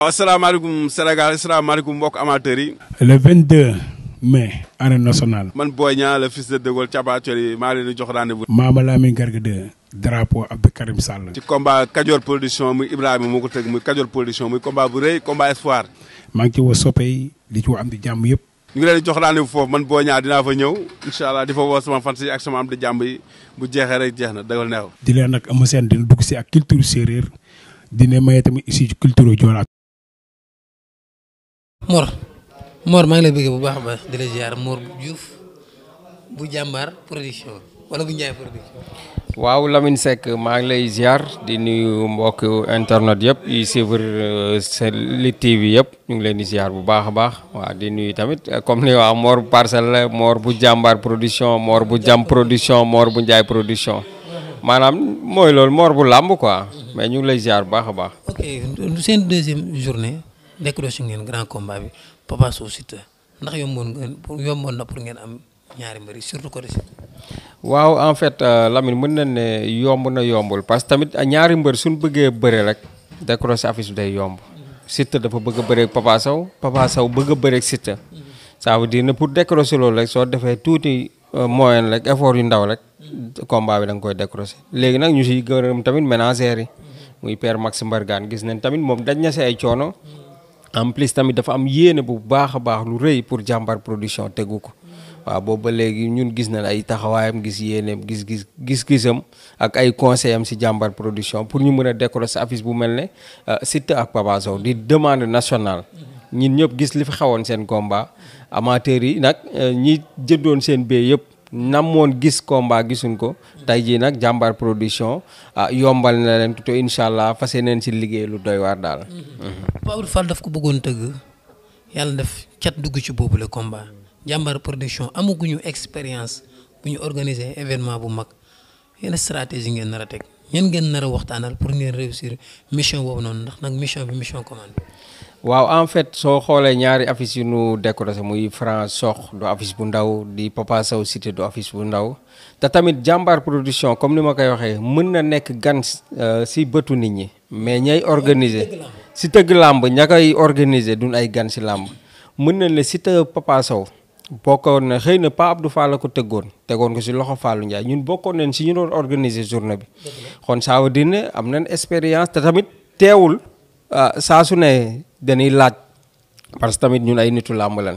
waaw asalaamaaleykum Sénégal asalaamaaleykum mbokk amateurs yi. le 22 mai. arène nationale. man Boy Niang le fils de De Gaulle Thiapathioly yi maa leen di jox rendez-vous. Mama Lamine Garga 2 drapeau Abdou Karim Sall. ci combat Kajoor production muy Ibrahima moo ko tëgg muy Kajoor production muy combat bu rëy combat espoir. maa ngi ci woo soppe di ci woo am di jàmm yëpp. ñu ngi leen jox rendez-vous foofu man Boy Niang dinaa fa ñëw incha allah di fa sama fans ak sama am di jàmm yi bu jeexee jeex na dëggal neex. di leen nag am seen dina dugg si ak culture séeréer dina maye tamit si culture Joola Mor Mor maa ngi lay bëggee bu baax a baax di la ziar Mor Diouf bu jàmbar production wala bu Ndiaye production. waaw Lamine Seck maa ngi lay ziar di nuyu mbokk internet yëpp yi suivre euh, seen Lutte TV yëpp ñu ngi leen di ziar bu baax a baax waaw di nuyu tamit euh, comme ni waa moor bu parcelle la Mor bu jàmbaar production Mor bu jam production Mor bu Ndiaye production. maanaam mooy loolu moor bu làmb quoi mais ñu ngi lay ziar bu baax a baax. seen deuxième journée. décroché ngeen grand combat bi Papa Sow ndax yomboon ngeen yomboon na pour ngeen am ñaari mbëri surtout ko Siteu. waaw en fait euh, Lamine mën na ne yomb na yombul parce que tamit ñaari mbër suñ bëggee bëre rek décroché affiche bi day yomb. Siteu dafa bëgg a bëre ak Papa Sow bëgg a bëre ak Siteu. ça pour décrocher loolu rek soo defee tuuti euh, moyen rek effort yu ndaw rek. combat bi da nga koy décrocher. léegi nag ñu siy gërëm tamit ménagères yi. muy père Max Mbargane gis nañ tamit moom daj na ay coono. en plus tamit dafa am yéene bu baax a baax lu rëy pour jàmbar production tegu ko waaw boobu ba léegi ñun gis nañ ay taxawaayam gis yéeneem gis gis gis-gisam ak ay conseil am si jàmbar production pour ñu mën a décorer sa affiche bu mel ne euh, Siteu ak Papa Sow di demande nationale ñun ñëpp gis li fi xawoon seen combat amateurs yi nag euh, ñi jëndoon seen bee yëpp. namoon gis combat gisuñ ko tey jii nag jàmbar production ah, yombal na leen te incha allah fas yéeneen si liggéey lu doy waar daal. Mhm. Pape Fall daf ko bëggoon tëgg yàlla def cat dugg ci boobule combat jàmbar production amaguñu expérience bu ñu organiser événement bu mag yenn stratégie ngeen nar a teg. ñan ngeen nar a waxtaanal pour ngeen réussir mission boobu noonu ndax nag mission bi mission commande waaw en fait soo xoolee ñaari affiche yu nu décoré muy Franc Sokh du affiche bu ndaw di Papa Sow Siteu du affiche bu ndaw te tamit jàmbaar production comme ni ma koy waxee mën na nekk gan euh, si bëtu nit ñi mais ñay organiser si tëgg làmb ña koy organiser duñ ay gan si làmb mën na ne Siteu Papa Sow bokkoon na xëy na Pa Abdou Fall la ko tegoon tegoon ko si loxo Fallou Ndiaye ñun bokkoon nañ si ñu doon organiser journée bi. kon ça veut am nañ expérience te tamit teewul ah, saa su ne dañuy laaj parce que tamit ñun ay nitu làmb lañ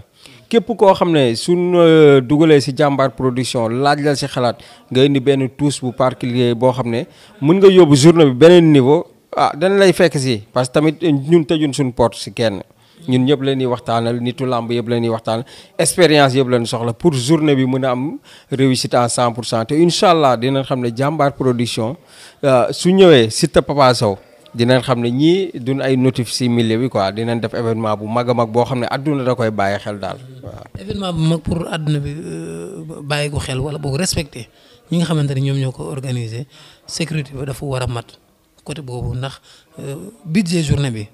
képp koo xam ne suñ euh, dugalee si jàmbaar production laaj la si xalaat nga indi benn touche bu particulier boo xam ne mën nga yóbbu journée bi beneen niveau ah dañ lay fekk si parce que tamit ñun tëjuñ suñ porte si kenn. ñun ñëpp leen ñuy waxtaanal nitu làmb yëpp leen ñuy waxtaanal expérience yëpp leen soxla pour journée bi mën a am réussite à 100 pour cent te incha allah dinañ xam ne jàmbaar production euh, su ñëwee Siteu Papa Sow dinañ xam ne ñii dun ay notif si milieu bi quoi dinañ def événement bu mag a mag boo xam ne adduna da koy bàyyi xel daal waaw. événement bu mag pour adduna bi euh, bàyyi ko xel wala boog respecté ñi nga xamante ne ñoom ñoo ko organiser sécurité bi dafa war a mat côté boobu ndax euh, budget journée bi.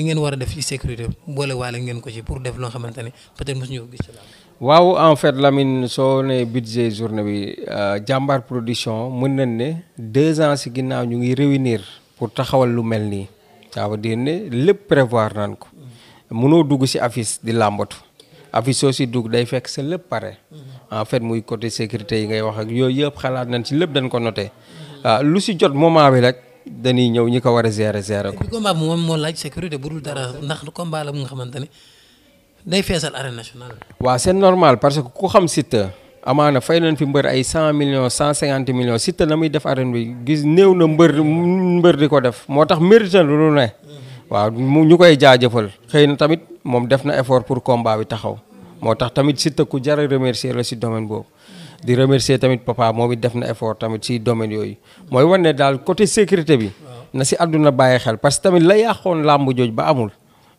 li ngeen war a def ci sécurité boole waale ngeen ko ci pour def loo xamante ne peut-être mosuñu ko gis ci làmb waaw en fait Lamine soo ne budget journée bi euh, jàmbaar production mën nañ ne deux ans si ginnaaw ñu ngi réunir pour taxawal lu mel nii ça veut lépp prévoir naan ko mënoo dugg si affiche di làmbatu affiche soo si dugg day fekk sa lépp pare mm-hmm. en fait muy côté sécurité yi ngay wax ak yooyu yëpp xalaat nañ si lépp dañ ko noté euh, lu si jot moment bi rek dañuy ñëw ñi ko war a gérer gérer ko. bi combat bi moom moo laaj sécurité bu dul dara ndax combat la bu nga xamante ne day feesal arène nationale. waaw c'est normal parce que ku xam Siteu amaana fay nañ fi mbër ay cent millions cent cinquante millions Siteu na muy def arène bi gis néew na mbër di ko def moo tax mérité lu ne. waaw mu ñu koy jaajëfal xëy na tamit moom def na effort pour combat bi taxaw moo tax tamit Siteu ku jar a remercier la si domaine di remercier tamit papa moo it def na effort tamit si domaine yooyu mooy wane ne daal côté sécurité bi na si àdduna bàyyi xel parce que tamit la yàqoon làmb jooj ba amul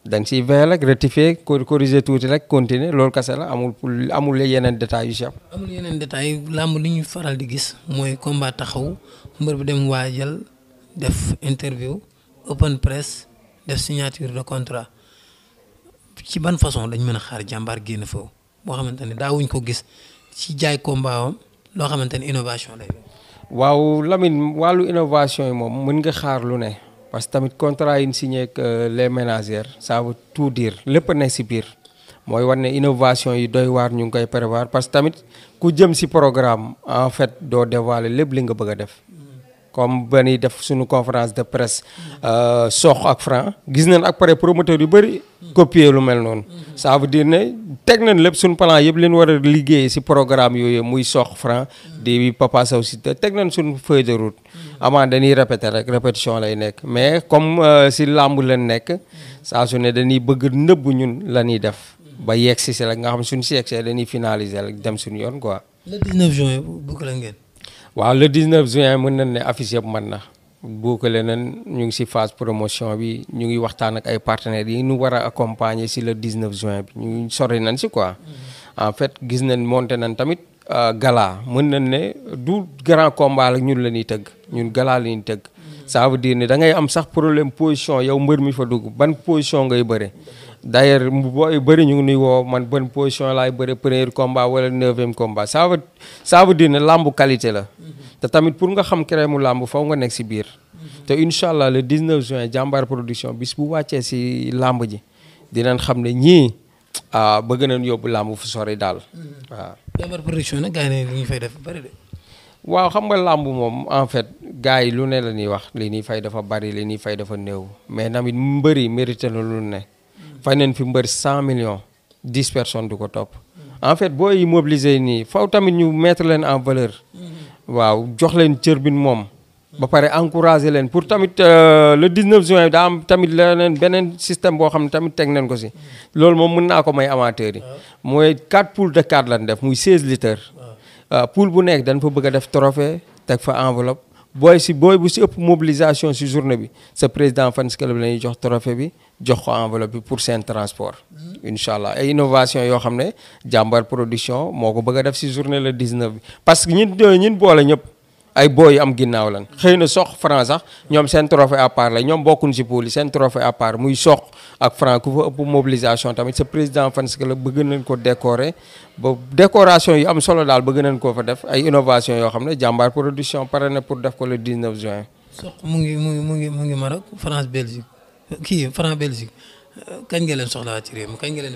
dañ siy veillé rek rectifier corriger tuuti rek continuer loolu kase la amul amul yeneen détails yu si am. amul yeneen détails yu li ñuy faral di gis mooy combat taxaw mbër bi dem waajal def interview open press def signature de contrat ci ban façon dañ mën a xaar jàmbar génn foofu boo xamante ci jaay combat loo xamante ni innovation lay waaw Lamine wàllu innovation yi moom mën nga xaar lu ne parce que tamit contrat yi ñu euh, les ménagères ça tout dire lépp a ne si biir mooy war ne innovation yi doy waar ñu ngi koy prévoir parce que tamit ku jëm si programme en fait doo dévoiler lépp li nga bëgg a def comme benn def suñu conférence de presse euh, Sokh ak Franc gis nañ ak pare promoteur yu bëri copier lu mel noonu ça veut dire ne teg nañ lépp suñu palant yëpp leen war a liggéey si programme yooyu muy Sokh Franc di Papa Sow Siteu teg nañ suñu feuille de route avant dañuy répéter rek répétition lay nekk mais comme si euh, lamb leen nekk saa su ne dañuy bëgg nëbb ñun la ñuy def ba yegg si si la nga xam suñu si yegg see dañuy finaliser rek dem suñu yoon quoi le waaw le 19 juin mën nañ ne affiche yëpp mën na bookale nañ ñu ngi si phase promotion bi ñu ngi waxtaan ak ay partenaires yi ñu war a accompagner si le 19 juin bi ñu sori nañ si quoi. Mm-hmm. en fait gis nañ monté nañ tamit euh, gala mën nañ ne du grand combat la ñun la ñuy tëgg ñun gala la ñuy tëgg. Mm-hmm. ça dire ne da ngay am sax problème position yow mbër mi fa dugg ban position ngay bëre. d'ailleurs booy bëri ñu ngi nuy woo man bonne position laay bëri premier combat wala neuvième combat ça veut ça veut dire ne làmb qualité la te tamit pour nga xam crème mu làmb faw nga nekk si biir te incha allah le 19 join jàmbaar production bis bu wàccee si làmb ji dinan xam ne ñii ah bëgg nañ yóbbu làmb fu sori daal mm-hmm. waaw. jàmbaar production nag gars def bëri de. waaw xam nga làmb moom en fait gars yi lu ne la ñuy wax li ñuy fay dafa bari li ñuy fay dafa néew mais tamit mbëri mérité na lu ne. fay nañ fi mbër cent millions dix personnes du ko topp. en fait boo yi mobiliser nii faw tamit ñu mettre leen en valeur. waaw jox leen cër bi moom. ba pare encourager leen pour tamit euh, le 19 juin daa am tamit leneen beneen système boo xam ne tamit teg nañ ko si. loolu moom mën naa ko may amateurs yi. mooy 4 poules de 4 lañ def muy 16 litres. Euh, poule bu nekk dañ fa bëgg a def trophée teg fa enveloppe. booy si booy bu si ëpp mobilisation si journée bi sa président fans club la ñuy jox trophée bi jox ko enveloppe bi pour seen transport. Mm-hmm. incha allah ay innovation yoo xam ne jàmbar production moo ko bëgg def si journée le 19 bi. parce que ñun ñun boole ñëpp ay booy am ginnaaw lan xëy na sox franc sax ñoom seen trophée à part ñoom bokkuñ si pool yi seen trophée à muy sox ak franc ku fa ëpp mobilisation tamit sa président fans la bëgg nañ ko décorer ba décoration yi am solo daal bëgg nañ koo fa def ay innovation yoo xam ne jàmbaar production pare na pour def ko le 19 juin. sox mu ngi mu ngi mu ngi mu ngi Maroc France Belgique kii France Belgique. kañ nga leen soxlaa ci réew mi kañ nga leen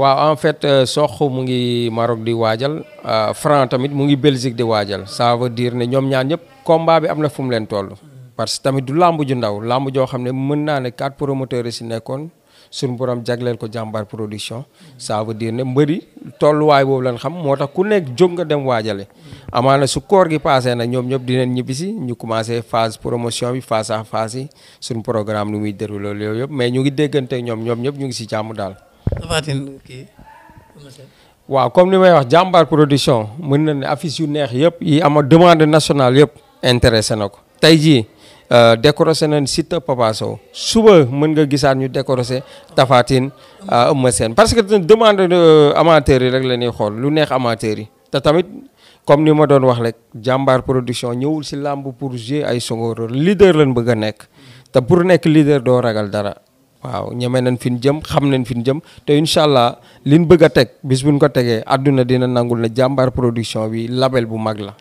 waaw en fait euh, sox mu ngi Maroc di waajal euh, Franc tamit mu ngi Belgique di waajal ça diir ne ñoom ñaar ñëpp combat bi am na fu mu leen toll. parce que tamit du làmb ju ndaw làmb joo xam ne mën naa ne quatre promoteurs yi si nekkoon. suñu borom jagleel ko jàmbar production ça veut ne mbëri tolluwaay boobu lan xam moo tax ku nekk jóg nga dem waajale na su koor gi passé na ñoom ñëpp dinañ ñibbisi ñu commencé phase promotion bi phase à phase yi suñu programme nu muy déroulé yooyu yëpp mais ñu ngi déggante ñoom ñoom ñëpp ñu ngi si jàmm daal waaw comme ni may wax jàmbaar production mën na ne affiche yu neex yëpp yi ama demande nationale yëpp intéressé na ko tey jii Euh, décorosé nañ Siteu Papa Sow suba mën nga gisaat ñu décorosé Tapha Tine euh, Eumeu parce que demande euh, amateurs yi rek la ñuy xool lu neex amateurs yi te tamit comme ni ma doon wax rek jàmbaar production ñëwul si làmb pour jouer ay songoror leader lañ bëgg a nekk te pour nekk leader doo ragal dara waaw ñeme nañ fi ñu jëm xam nañ fi ñu jëm te incha allah liñ bëgg a teg bis buñ ko tegee àdduna dina nangul na jàmbaar production bi label bu mag la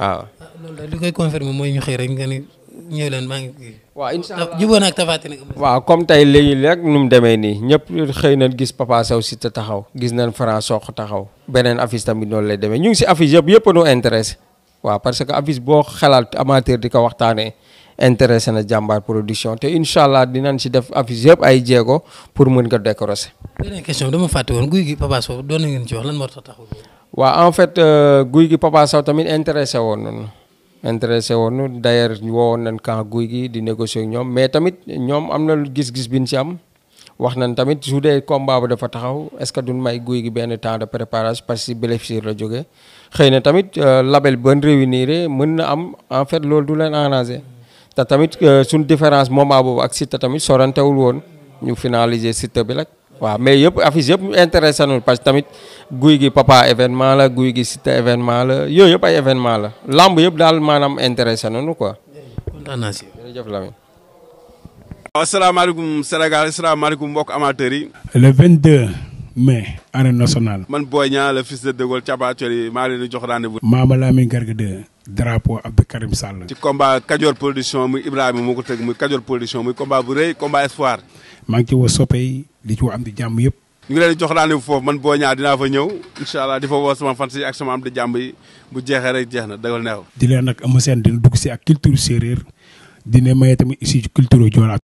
waaw. loolu daal ñëw leen maa ngi kii. waaw incha allah jubóo na ak tafaati nag. waaw comme tey léegi rek mu demee nii ñëpp xëy na gis Papa Sow si te taxaw gis nañ Franc Sokh taxaw beneen affiche tamit noonu lay demee ñu ngi si affiche yëpp yëpp nu intéressé waaw parce que affiche boo xalaat amateur di ko waxtaanee intéressé na jàmbaar production te incha allah dinañ si def affiche yëpp ay jéego pour mën ko décrocher. beneen question dama fàtte woon guy gi Papa Sow doon na wax lan moo tax taxaw. waaw en fait euh, guy gi Papa Sow tamit intéressé woon noonu. intéressé woon d'ailleurs woowoon nañ camp guy gi di négocier ak ñoom mais tamit ñoom am na gis-gis bi ñu ci am wax nañ tamit su dee combat ba dafa taxaw est-ce que duñ may guy gi benn temps de préparation parce que si bénéficiaire la jógee xëy na tamit euh, label ban réunir mën na am en fait loolu du leen arranger te tamit euh, suñ différence moment boobu ak Siteu tamit sorantewul woon ñu finaliser Siteu bi rek. waaw mais yëpp affiche yëpp intéressé nañu parce que tamit guy gi papa événement la guy gi site événement la yooyu yëpp ay événement la lamb yëpp daal maanaam intéressé nañu quoi. kontaan naa si jërëjëf Lamine. waaw asalaamaaleykum Sénégal mbokk amateurs yi. le 22 mai. arène nationale. man Boy Niang le fils de De Gaulle Thiaba Thioly maa leen di jox rendez-vous. Mama Lamine Garga 2. drapeau Abdou Karim Sall. ci combat Kajoor production muy Ibrahima moo ko tëgg muy Kajoor production muy combat bu rëy combat espoir. maa ngi ci woo soppe di ci woo am di jàmm yëpp. ñu ngi leen di jox daanaka foofu man boo ñaa dinaa fa ñëw incha allah di fa woo sama fans yi ak sama am di jàmm yi bu jeexee rek jeex na dagal neex. di leen nag am seen dina dugg si ak culture séeréer dina maye tamit aussi culture Joola.